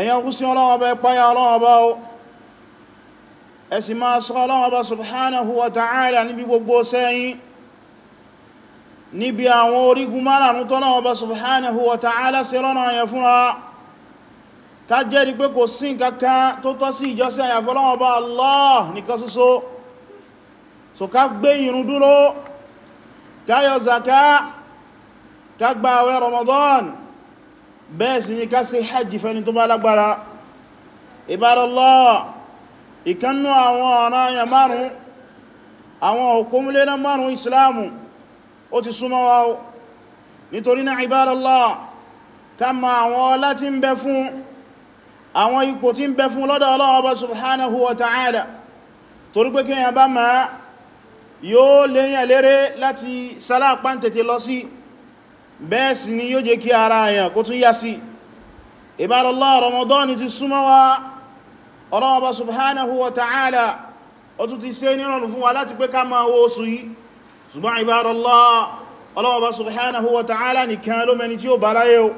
ẹ̀yàn kú sí Ọlọ́run Ọba ẹ páyà Ọlọ́run Ọba o ẹ sì máa sọ Ọlọ́run Ọba subhanahu wa ta'ala níbi gbogbo sẹ́yìn níbi àwọn orígun márùn-ún tọ́lọ́run Ọba subhanahu wa ta'ala sí lọ́nà ayẹ fúnra ká jẹ́rìí pé kò sí nǹkankan tó tọ́ sí ìjọsìn àyàfi Ọlọ́run Allah nìkan ṣoṣo so ká gbé ìrun dúró ká yọ zaka ká gba àwẹ̀ Ramadan bẹ́ẹ̀ sì ni ká ṣe hajji fẹ́ni tó bá lágbára ibadallah ìkannú àwọn ọ̀nà ya márùn àwọn òkúnlé na márùn islamu ó ti súnmọ́ wa ó nítorí náà ibadallah ká ma àwọn ọlá tí ń bẹ fún àwọn ipò tí ń bẹ fún lọ́dọ̀ Ọlọ́hun bẹ́ẹ̀ sì ni yóò jẹ́ kí ara àyàn kó tún yá sí ìbáraláà Ramadan ti súnmọ́ wa ọlọ́wọ́ba subhanahu wa ta'ala ó tún ti ṣe nírọ̀rùn fún wa láti pé ká máa wo oṣù yìí ṣùgbọ́n ìbáraláà ọlọ́wọ́ba subhanahu wa ta'ala nìkan ló tí ó bá láyé o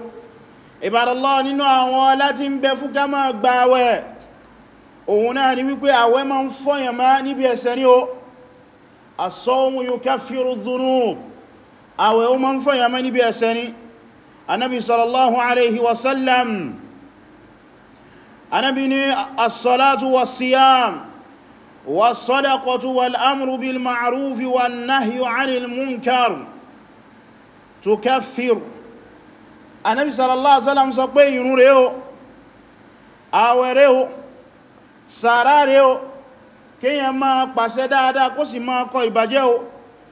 àwẹ̀ o máa ń fọ́yà mẹ́ níbi ẹ̀ṣẹ̀ ni anábi sallallahu alaihi wasallam anábi ni as-salatu was-siyam was-sadaqatu wal-amru bil-ma'rufi wan-nahyu 'anil munkar tukaffiru anábi sallallahu alaihi sọ pé ìrun rẹ̀ o àwẹ̀ rẹ̀ o sàárà rẹ̀ o kíyàn máa pàṣẹ dáadáa kó sì máa kọ ìbàjẹ́ o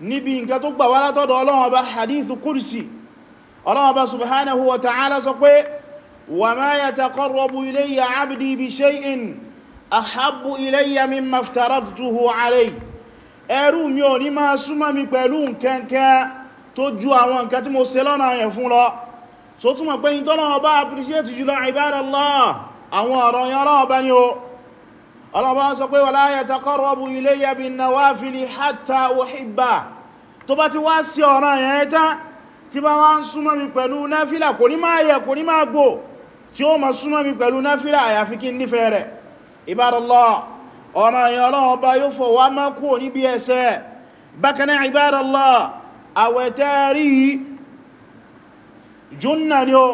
níbi nǹkan tó gbà wá látọ́dọ̀ Ọlọ́run Ọba hadith kursi Ọlọ́run Ọba subhanahu wa ta'ala sọ pé wa ma yataqarrabu ilayya 'abdi bi shay'in ahabbu ilayya mimma aftaradtuhu 'alayhi ẹrú mi ò ní máa súnmọ́ mi pẹ̀lú nǹkankan tó ju àwọn nǹkan tí mo ṣe lọ́nà yẹn fún lọ so túnmọ̀ pé ìtọ́lọ́wọ́ bá appreciate jùlọ ibadallah àwọn ọ̀rọ̀ yẹn Ọlọ́run ni o ọlọ́bá sọ pé wala yataqarrabu ilayya bin nawafili hatta uhibba tó bá ti wá sí ọ̀ràn yẹn tán tí bá wá ń súnmọ́ mi pẹ̀lú náfílà kò ní máa yẹ kò ní máa gbò tí ó ma súnmọ́ mi pẹ̀lú náfílà àyàfi kí nífẹ́ rẹ̀ ibadallah ọ̀ràn yẹn Ọlọ́run ọba yóò fọ̀ wá má ni ó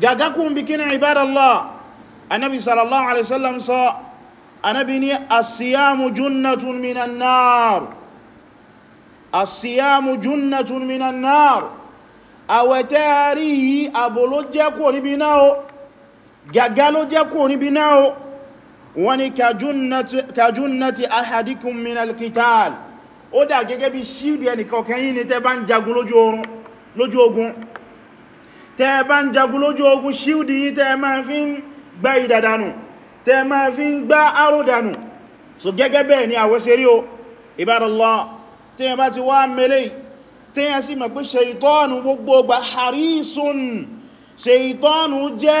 gagakun bikin ibadallah anabi sallallahu alaihi wasallam sọ anabi ni asiyamu junnatun minan nar asiyamu junnatun minan nar àwẹ̀tẹ́ rí yìí àbò ló jẹ́ kò níbi náà o gàgá ló jẹ́ kò níbi náà o wọ́n ni kàjúnnàtí ahadikum minal qital ó dà gẹ́gẹ́ bí ṣíldì ẹnìkọ̀ọ̀kan yìí ni tẹ́ bá ń jagun lójú ogun tẹ́ bá ń jagun lójú ogun ṣíúdì yí tẹ́ máa fi ń gbá ìdàdànù tẹ́ máa fi ń gbá àrùdànù so gẹ́gẹ́ bẹ́ẹ̀ ni àwọ́ ṣe rí o ibadallah tẹ́yẹn bá ti wá mẹ́lẹ̀ tẹ́yẹn sì mọ̀ pé ṣeìtọ́nù gbogbo gba harisun ṣeìtọ́nù jẹ́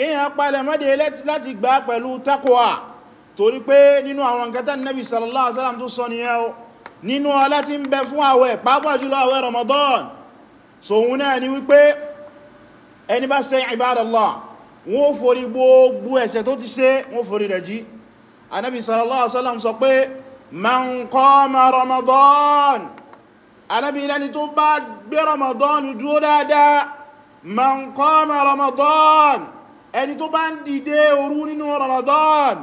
kíyàn palẹ̀ mọ́dé láti gbà pẹ̀lú takwa torí pé nínú àwọn nǹkan tí Nabi sallallahu alaihi wasallam tó sọ nìyẹn o nínú ọlá tí ń bẹ fún àwẹ̀ pàápàá jùlọ àwẹ̀ Ramadan so òun náà ni wípé ẹni bá ṣe ibadallah wọ́n forí gbogbo ẹ̀ṣẹ̀ tó ti ṣe wọ́n forí rẹ̀ jí anábi sallallahu alaihi wasallam sọ pé man man qama ramadan ẹni tó bá ń dìde òru nínú Ramadan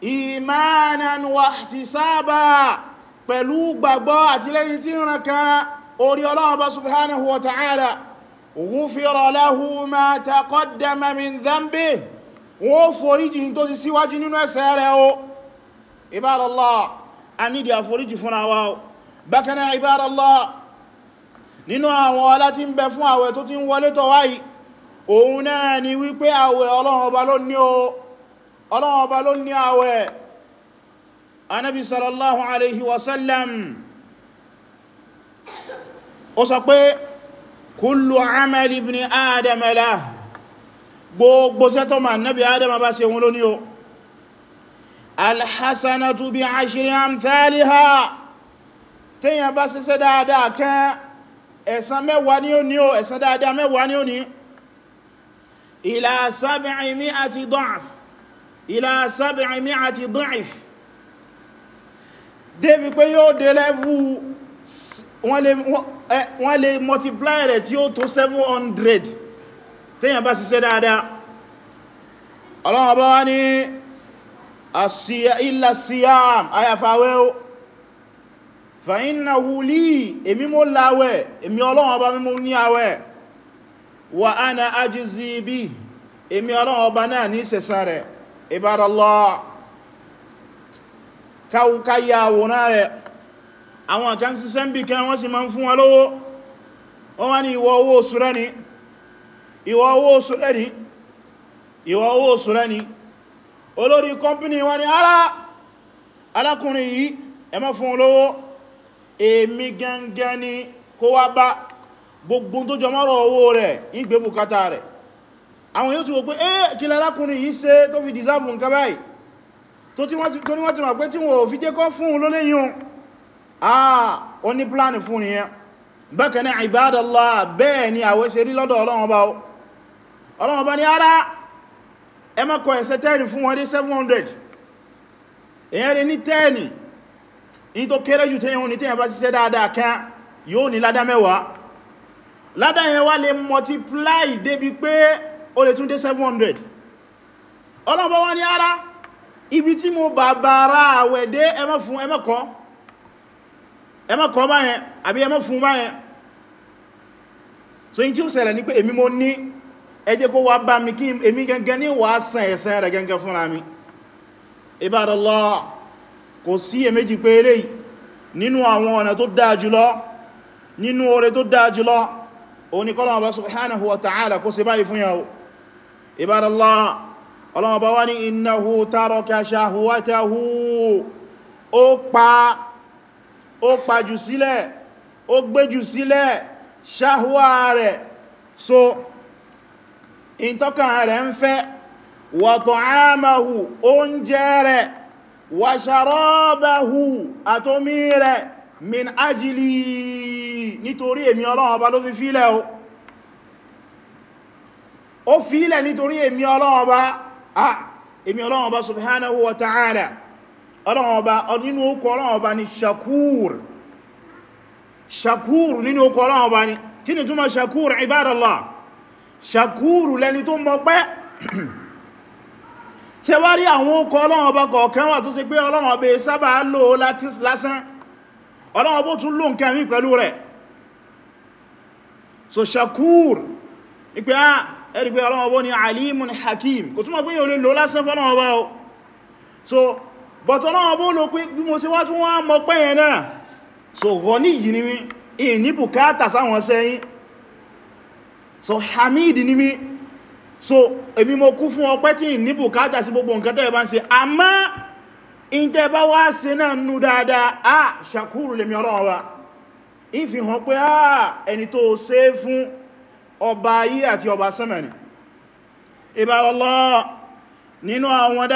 imanan wa ihtisaba pẹ̀lú gbàgbọ́ àti lẹ́ni tí ń ranka orí ọlọ́ọ̀bá subhanahu wa ta'ala wúfèrọ lahu ma taqaddama min dhanbi wọ́n foríjì tó ti síwájú nínú ẹ̀ṣẹ̀ rẹ̀ o ibadallah a nídi àforíjì fún àwa o bákanáà nínú àwọn ọlá tí ń bẹ fún àwẹ̀ tó ti ń wọlé tọ́wáyìí òun náà ni wípé àwẹ̀ ọlọ́run ọba ló ní o ọlọ́run ọba ló ní àwẹ̀ anábi sallallahu alaihi wasallam ó sọ pé kullu amali ibn adam lah gbogbo sẹ́tọ́ ma nábi adam bá ṣe wọn ló ní o alhassanatu bi ashiri amthaliha tẹ́yàn bá ṣiṣẹ́ dáadáa kẹ́ ẹ̀san mẹ́wàá ni ó ní o ẹ̀san dáadáa mẹ́wàá ni ó ní o ila sab'i mi'ati da'f ila sab'i mi'ati da'f débi pé yóò dé lẹ́fù wọ́n lè multiply rẹ̀ tí ó tó 700 tíyàn bá ṣiṣẹ́ dáadáa ọlọ́wọ́ bá wá ní illa siyam ayàfàwẹ́ o fa innahu li èmi mo láwẹ̀ èmi ọlọ́wọ́ bá mímú ní àwẹ̀ wa ana ajizi bí emi ọlọ́run ọba náà ní ìsẹ̀sán rẹ̀ ibadallah káyà àwòrán rẹ̀ àwọn àjánsí sẹ́mbì kẹ́ wọ́n sì máa ń fún wọn lówó wọ́n wá ní ìwọ owó oṣù rẹ̀ ìwọ owó olori rẹ̀ ìwọ owó oṣù rẹ̀ ní kọ́mpínì wọ́n ara alákùnrin yìí gbogbo tó jọmọ́rọ̀ owó rẹ̀ ìgbé bùkátà rẹ̀ àwọn yóò ti wò pé ẹ́ kí lálákùnrin yìí ṣe tó fi dìsáàbù nǹkan báyìí tó ní wọ́n ti mọ̀ pé tí wọ́n fi jẹ́ kọ́ fún un lóléyìn àà ó ní pláàni fún ìyẹn bákan náà ibadallah bẹ́ẹ̀ ni àwẹ́ ṣe rí lọ́dọ̀ Ọlọ́run Ọba Ọlọ́run Ọba ní ara ẹ má kọ ẹ̀sẹ̀ tẹ́ẹ̀nì fún wọn 700 èyàn lè ní tẹ́ẹ̀nì ní tó kéré jù tẹ́yìn ní tẹ́yìn bá ṣiṣẹ́ dáadáa kan yóò ní ládá mẹ́wàá ládá yẹn wá lè multiply débi pé ó lè tún dé 700 ọlọ́bọ̀ wọ́n ní ara ibi tí mo bà bàrá àwẹ̀ dé ẹmọ́ fún ẹmọ́kọ́ ẹmọ́kọ́ báyẹn àbí ẹmọ́ fún báyẹn so yí tí ó ṣẹlẹ̀ ní pé èmi mo ní ẹjẹ́ kó wá bá mi kí èmi gẹngẹn ní wà sàn ẹ̀sẹ̀ rẹ̀ gẹngẹn fúnra mi ibadallah kò sí èméjì pé eléyìí nínú àwọn ọ̀nà tó dáa jùlọ nínú oore tó dáa jùlọ òní kọ́lọ̀ ọba subhanahu wa ta'ala kó ṣe báyìí fún yàwó ibadallah ọlọ́wọ́ bá wá ní innahu taraka shahwatahu ó pa ó pa jù sílẹ̀ ó min ajili nítorí èmi ọlọ́run ọba ló fi fílẹ̀ o ó fílẹ̀ nítorí èmi ọlọ́run ọba a èmi ọlọ́run ọba subhanahu wa ta'ala ọlọ́run ọba nínú okọ ọlọ́run ọba ni shakur shakur nínú okọ ọlọ́run ọba ni kí ni túnmọ̀ shakur ṣe wá rí àwọn okọ ọlọ́run ọba kọ̀ọ̀kan tó ṣe pé ọlọ́run ọba sábà lò lásán ọlọ́wọ́ bó tún ló ń kẹrin pẹ̀lú rẹ̀ so shakur ipé a ah, ẹ̀rì pé ọlọ́wọ́ bó ní alimun hakim kò túnmọ̀ pé yíò lè lò lásán fọ́lọ́wọ́ bá o so but ọlọ́wọ́ bó lò pé bí mo ṣe wá tún wá mọ̀ pé yẹn náà so gọ́ní yìí in tẹ bá wá ṣe náà a shakuru lèmi ọlọ́run wa in fi a eni to se fun ọba yi ati ọba sánmà ni n'inu nínú àwọn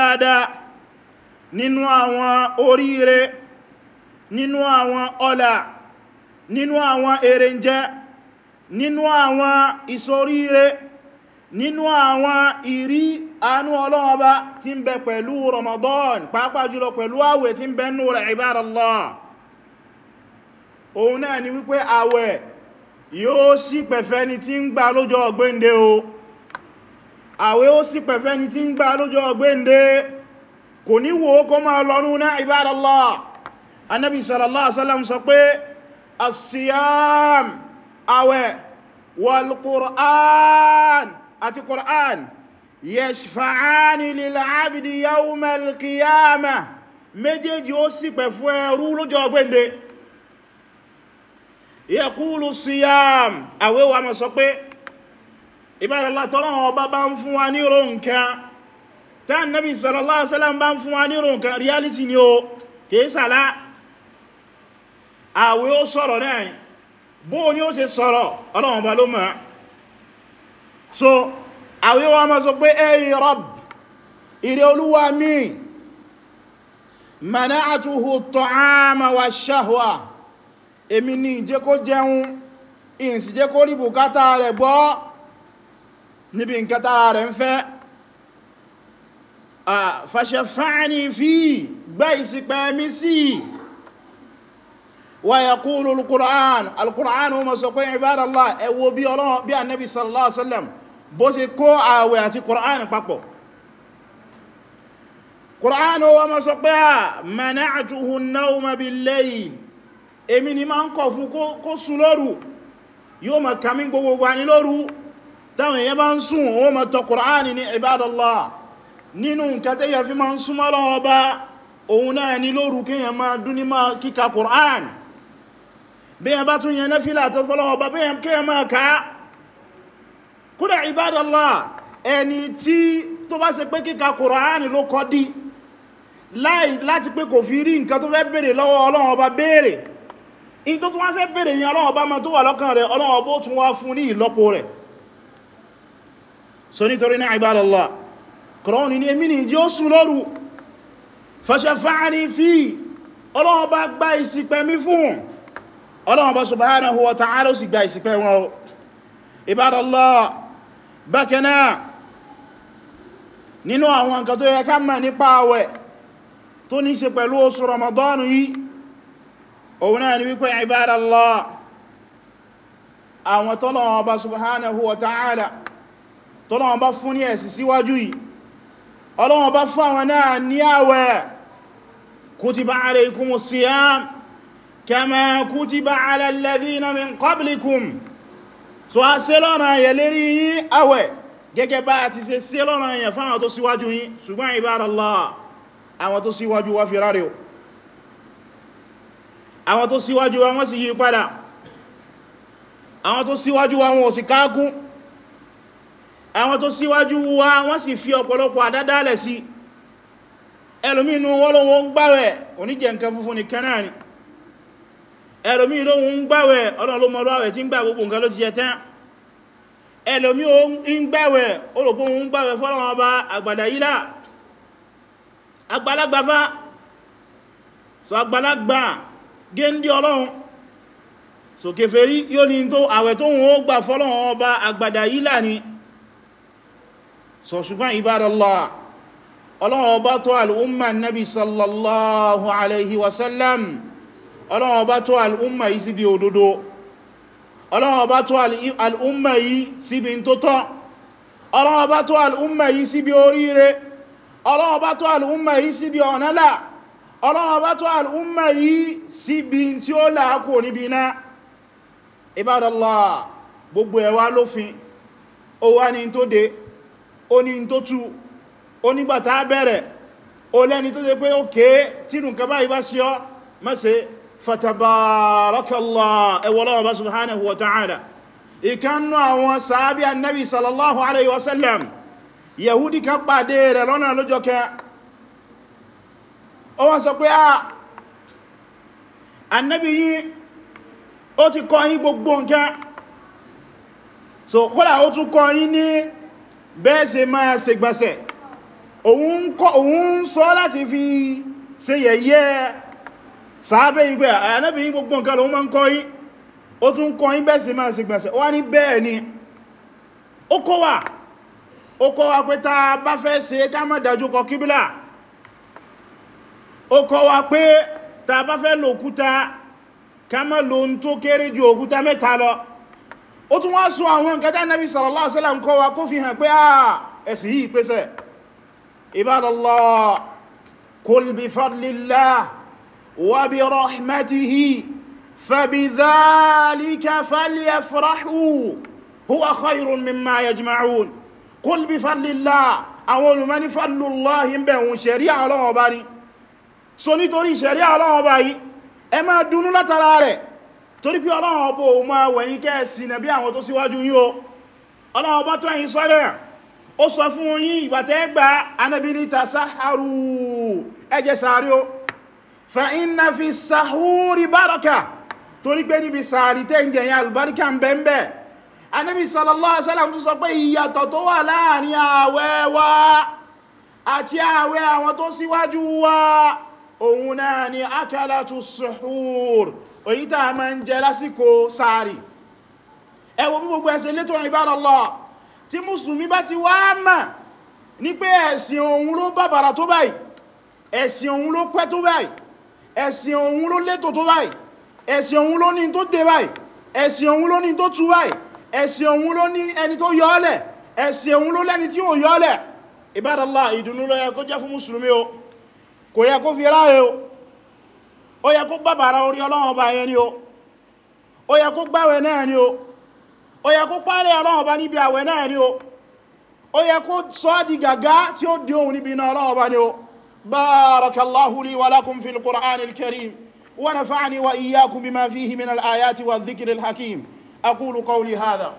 n'inu nínú àwọn n'inu nínú àwọn n'inu nínú erenje, n'inu nínú àwọn n'inu nínú iri. àánú Ọlọ́run Ọba tí ń bẹ pẹ̀lú Ramadan pàápàá jùlọ pẹ̀lú àwẹ̀ tí ń bẹ nú rẹ̀ ibadallah òun náà ni wípé àwẹ̀ yóò ṣí pẹ̀fẹ́ ni tí ń gbà lọ́jọ́ ọgbẹ́ndé o àwẹ̀ ó ṣí pẹ̀fẹ́ ni tí ń gbà lọ́jọ́ ọgbẹ́ndé kò ní wo kó máa lọ́nú náà ibadallah Ànábì sallallahu alaihi wasallam Qur'an yẹ̀ṣfàáni lil'abdi yawmal qiyama méjèèjì ó sì pẹ̀ fún ẹrú lọ́jọ́ ọgbẹ́ndé yẹ̀kúlù siyam àwẹ́wà mọ̀ sọ pé ìbádàlá tọ́lọ́wọ́ ọba bá ń fún wa ní ronkan tá Nábì sallallahu alaihi wasallam bá ń fún wa ní ronkan reality àwẹ́ ó sọ̀rọ̀ náà bóò ni ó ṣe sọ̀rọ̀ Ọlọ́run ọba so àwíwá ma sọ pé ẹ̀yìn rab ìrẹ olúwa mi mana'atuhu at-ta'ama wa shahwa èmi ni ìjẹ́ kó jẹun ìsì jẹ́ kó rí bùkátà rẹ̀ gbọ́ níbi nkátà rẹ̀ ń fẹ́ fashafa'ani fi gbá ìsìpẹ́ mi sí wa yaqulu al-Qur'an al-Qur'an sọ pé ibadallah ẹ wò bí Ọlọ́run bí annabi sallallahu alaihi wasallam bó ṣe kó ààwẹ̀ àti Kùránì papọ̀ Kùránì wọ́n mọ́ sọ pé à ah, mana'atuhu an-nawma bil-layl èmi ni máa ń kọ̀ fún kó sùn lóru yóò ma kàmí gbogbo ní lóru táwọn èèyàn bá ń sùn ó ma tọ Kùránì ní ibadallah nínú nǹkan tẹ́yà fi máa ń súnmọ́ lọ́wọ́ bá kódà ìbádọ́lá ẹni tí tó bá ṣe pé kíka kòránì ló kọ́ dí láti pé kò fi rí nǹkan tó fẹ́ bèèrè lọ́wọ́ ọlọ́run ọba bèèrè in tó tún wá fẹ́ bèèrè yìn ọlọ́run ọba ma tó wà lọ́kàn rẹ̀ ọlọ́run ọba ó tún wá fún ní ìlọ́po rẹ̀ so nítorí ní ìbádọ́lá kòránì ní bákanáà nínú àwọn nǹkan tó yẹ ká mọ̀ nípa àwẹ̀ tó ní ṣe pẹ̀lú oṣù Ramadan yìí òun náà ni wípé ibadallah àwọn tọ́lọ̀wọ̀n ọba subhanahu wa ta'ala tọ́lọ̀wọ̀n ọba fún ní ẹ̀sì síwájú yìí ọlọ́wọ̀n ọba fún so a ṣe lọ́nà yẹ lérí yín àwẹ̀ gẹ́gẹ́ bá a ti ṣe ṣe lọ́nà yẹ fáwọn tó síwájú yín ṣùgbọ́n ibádàlá àwọn tó síwájú wá fi rárẹ̀ o àwọn tó síwájú wá wọ́n sì yí padà àwọn tó síwájú wá wọn ò sì kágún àwọn tó síwájú wá wọ́n sì fi ọ̀pọ̀lọpọ̀ àdádálẹ̀ sí ẹlòmínú wọ́n ló gbáwẹ̀ oníjẹ̀ nǹkan funfun nìkan náà ni ẹlòmí lóhun ń gbàwẹ̀ ọlọ́run ló mọ̀rọ̀ àwẹ̀ tí ń gbà gbogbo nǹkan ló ti jẹ tán ẹlòmí ń gbàwẹ̀ olùgbò ń gbàwẹ̀ fọ́lọ́run ọba àgbàdà yílá àgbàlagbà fá so àgbàlagbà géńdé ọlọ́run so kèfèrí yóò ní tó àwẹ̀ tó wọ́n gbà fọ́lọ́run ọba àgbàdà yílá ni ọlọ́run ọba tó al'umma yìí síbi òdodo ọlọ́run ọba tó al'umma yìí síbi tótọ́ ọlọ́run ọba tó al'umma yìí síbi oríire ọlọ́run ọba tó al'umma yìí síbi ọ̀nálà ọlọ́run ọba tó al'umma yìí síbi tí ó làákò níbi iná ibadallah gbogbo ẹ̀ wá lófin ó wá ní tó dé ó ní tó tú ó nígbàtà bẹ̀rẹ̀ ó lẹ́ni tó ṣe pé ó tínú kaba ìbá sí ọ mẹ́sẹ̀ẹ́ fatabarakallah ẹwọ́lọ́wọ́ bá subhanahu wa ta'ala ìkannú àwọn sàábí annabi sallallahu alaihi wasallam yahudi kan pàdé rẹ̀ lọ́nà lọ́jọ́ kẹ ó wá sọ pé a ah, annabi yìí ó ti kọ́ yín gbogbo nǹkan so kódà ó tún kọ́ yín ní bẹ́ẹ̀ máa ṣe gbẹ̀sẹ̀ òun sọ láti fi ṣe yẹ̀yẹ́ sàábẹ́ ìgbẹ́ ah, àyànẹ́bì yí gbogbo nǹkan lòun máa ń kọ́ yí ó tún kọ́ yí bẹ́ẹ̀ sí máa sì gbẹ̀sẹ̀ wá ní bẹ́ẹ̀ ni ó kọ́ wà ó kọ́ wà pé ta bá fẹ́ ṣe ká má dájú kọ kíbílà ó kọ́ wà pé ta bá fẹ́ lo òkúta ká má lo ń tó kéré ju òkúta mẹ́ta lọ ó tún wá sọ àwọn nǹkan tá Nábì kul bi fadlillah وبرحمته فبذلك فليفرحوا هو خير مما يجمعون قل بفضل الله àwọn من فضل الله ń bẹ̀rún ṣẹ̀ríà Ọlọ́run Ọba ni so nítorí ṣẹ̀ríà Ọlọ́run Ọba yìí ẹ máa dúnú látara rẹ̀ torí pé Ọlọ́run Ọba ò máa wẹ̀yìn kẹ́ẹ̀sì nẹ̀bí àwọn tó síwájú yín o Ọlọ́run Ọba tó ẹ̀yin sọ́rẹ̀ ó sọ fún yín ìgbàtẹ́ gba anábí ní tasaharu ẹ jẹ sàárẹ́ o fa inna fi sahúrí baraka torí pé níbi sàárì tẹ́ ń jẹyàn albarka ń bẹ́ẹ̀bẹ́ anábi sallallahu alaihi wasallam tó sọ pé ìyàtọ̀ tó wà láàrin ààwẹ̀ wa àti ààwẹ̀ àwọn tó síwájú wa òun náà ni akalatu suhur èyí tàà ma ń jẹ wo bí gbogbo ẹsẹ̀ létò ibadallah tí mùsùlùmí bá ti wá mọ̀ ní pé ẹ̀sìn òun ló bàbàrà tó báyìí ẹ̀sìn òun ló pẹ́ tó báyìí ẹ̀sìn òun ló létò tó báyìí ẹ̀sìn òun ló ní tó dé báyìí ẹ̀sìn òun ló ní tó tú báyìí ẹ̀sìn òun ló ní ẹni tó yọ́ọ̀lẹ̀ ẹ̀sìn òun ló lẹ́ni tí ó yọ́ọ̀lẹ̀ Ibadallah ìdùnnú ló yẹ kó jẹ́ fún mùsùlùmí o kò yẹ kó fi ráre o ó yẹ kó o ó yẹ kó gbàwẹ̀ náà ni o ó yẹ kó pààrẹ Ọlọ́run ọba بارك الله لي ولكم في القرآن الكريم ونفعني وإياكم بما فيه من الآيات والذكر الحكيم أقول قولي هذا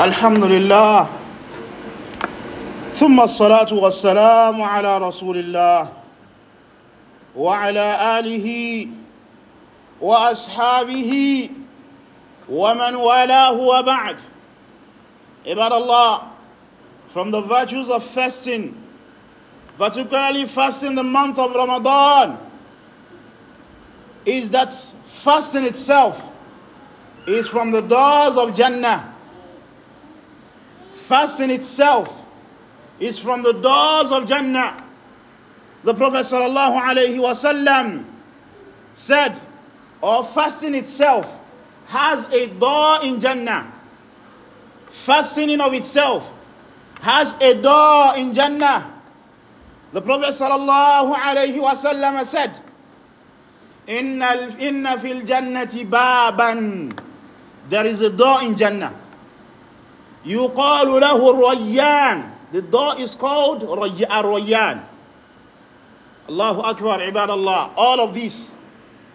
الحمد لله ثم الصلاة والسلام على رسول الله وعلى آله وأصحابه ومن والاه وبعد عباد الله from the virtues of fasting particularly fasting the month of Ramadan is that fasting itself is from the doors of Jannah fasting itself is from the doors of Jannah. The Prophet sallallahu said, or fasting itself has a door in Jannah. Fasting of itself has a door in Jannah. The Prophet sallallahu said, Inna, inna fil jannati baban. There is a door in Jannah. يقال له الريان the door is called Ar-Rayyan. Allahu Akbar, Ibadallah. All of this,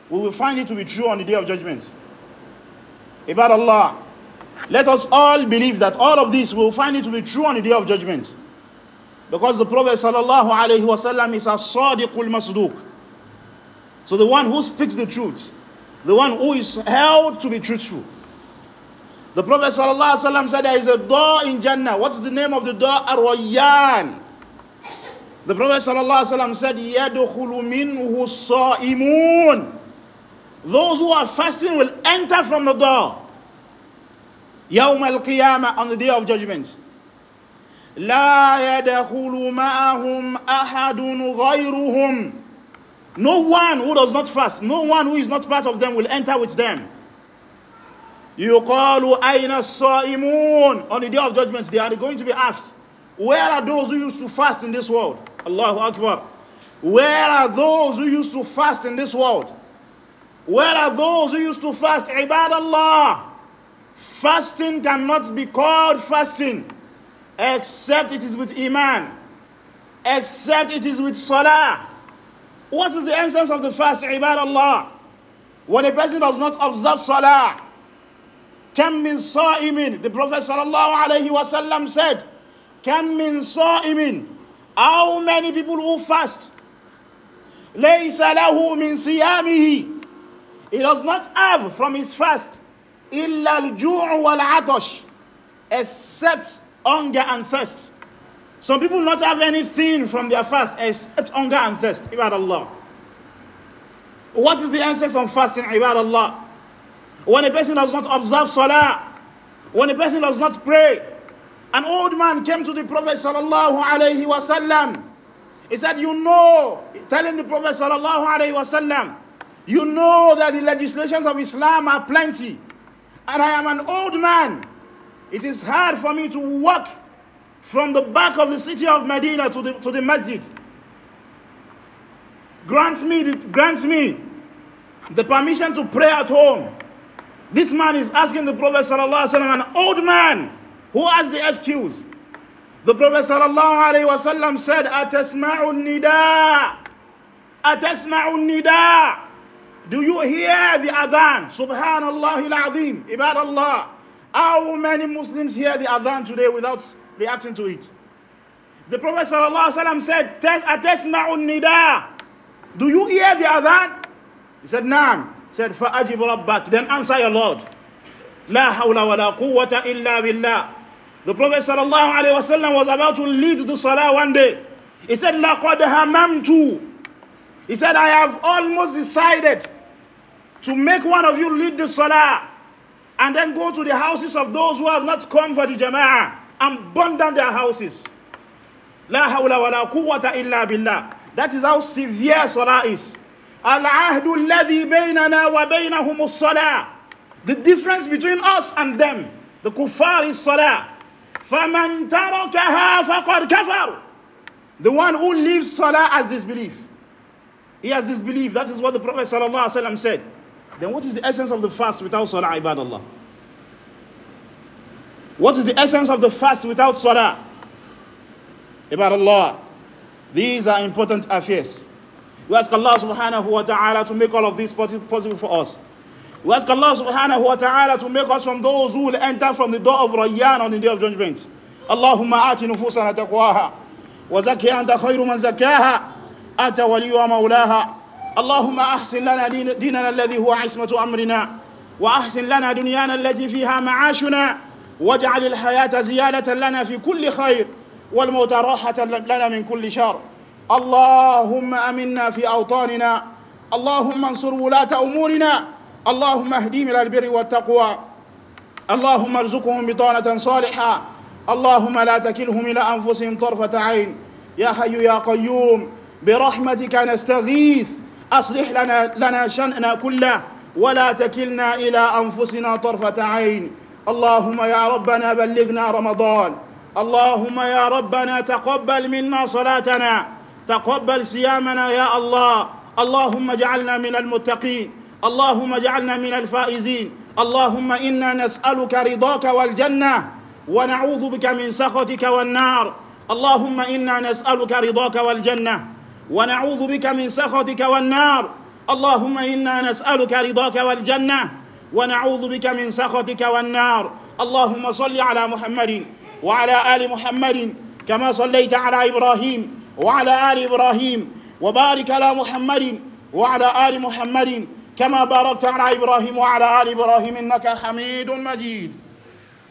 we will find it to be true on the day of judgment. Ibadallah. Let us all believe that all of this, we will find it to be true on the day of judgment. Because the Prophet sallallahu alayhi wasallam is a sadiqul masduq. So the one who speaks the truth, the one who is held to be truthful. The Prophet ﷺ said there is a door in Jannah. What is the name of the door? Ar-Rayyan. The Prophet ﷺ said, يَدْخُلُ مِنْهُ الصَّائِمُونَ Those who are fasting will enter from the door. يَوْمَ الْقِيَامَةِ On the day of judgment. لَا يَدْخُلُ مَعَهُمْ أَحَدٌ غَيْرُهُمْ No one who does not fast, no one who is not part of them will enter with them. يُقَالُ أَيْنَ الصَّائِمُونَ On the day of judgment, they are going to be asked, where are those who used to fast in this world? Allahu Akbar. Where are those who used to fast in this world? Where are those who used to fast? Ibadallah. Fasting cannot be called fasting except it is with Iman, except it is with Salah. What is the essence of the fast? Ibadallah. When a person does not observe Salah, Kam min sa'imin. The Prophet sallallahu alayhi wasallam said, Kam min sa'imin. How many people who fast? Laysa lahu min siyamihi. He does not have from his fast illa al-ju'u except hunger and thirst. Some people not have anything from their fast except hunger and thirst. Ibad Allah. What is the answer of fasting? Ibad Allah. When a person does not observe salah, when a person does not pray, an old man came to the Prophet sallallahu alayhi wasallam. He said, you know, telling the Prophet sallallahu alayhi wasallam, you know that the legislations of Islam are plenty. And I am an old man. It is hard for me to walk from the back of the city of Medina to the, to the masjid. Grant me, the, grant me the permission to pray at home. This man is asking the Prophet sallallahu alaihi wasallam, an old man who has the excuse. The Prophet sallallahu alaihi wasallam said, "Atasma'u nida, atasma'u nida." Do you hear the adhan? Subhanallah al-azim, ibad How many Muslims hear the adhan today without reacting to it? The Prophet ﷺ said, Atasma'u nida. Do you hear the adhan? He said, Naam said فَأَجِبْ رَبَّكَ then answer your Lord لا حول ولا قوة إلا بالله the Prophet sallallahu alaihi wasallam was about to lead the salah one day he said لَقَدْ هَمَمْتُ he said I have almost decided to make one of you lead the salah and then go to the houses of those who have not come for the jama'ah and burn down their houses لا حول ولا قوة إلا بالله that is how severe salah is العهد الذي بيننا وبينهم الصلاة The difference between us and them, the kuffar is salah. فَمَنْ تَرَكَهَا فَقَدْ كَفَرُ The one who leaves salah as disbelief. He has disbelief. That is what the Prophet ﷺ said. Then what is the essence of the fast without salah, ibadallah? What is the essence of the fast without salah? Ibadallah. These are important affairs. We ask Allah subhanahu wa ta'ala to make all of this possible for us. We ask Allah subhanahu wa ta'ala to make us from those who will enter from the door of Rayyan on the day of judgment. Allahumma aati nufusana taqwaha wa zakiya anta khayru man zakkaha anta waliyu maulaha. اللهم أحسن لنا ديننا الذي هو عصمة أمرنا وأحسن لنا دنيانا التي فيها معاشنا hayata ziyadatan lana fi kulli khayr. خير والموت rahatan lana min kulli شر اللهم امنا في اوطاننا اللهم انصر ولاه امورنا اللهم اهديهم الى البر والتقوى اللهم ارزقهم بطانه صالحه اللهم لا تكلهم الى انفسهم طرفه عين يا حي يا قيوم برحمتك نستغيث اصلح لنا لنا شاننا كله ولا تكلنا الى انفسنا طرفه عين اللهم يا ربنا بلغنا رمضان اللهم يا ربنا تقبل منا صلاتنا تقبل صيامنا يا الله اللهم اجعلنا من المتقين اللهم اجعلنا من الفائزين اللهم إنا نسألك رضاك والجنة ونعوذ بك من سخطك والنار اللهم إنا نسألك رضاك والجنة ونعوذ بك من سخطك والنار اللهم إنا نسألك رضاك والجنة ونعوذ بك من سخطك والنار اللهم صل على محمد وعلى آل محمد كما صليت على إبراهيم وعلى آل إبراهيم وبارك على محمد وعلى آل محمد كما باركت على إبراهيم وعلى آل إبراهيم إنك حميد مجيد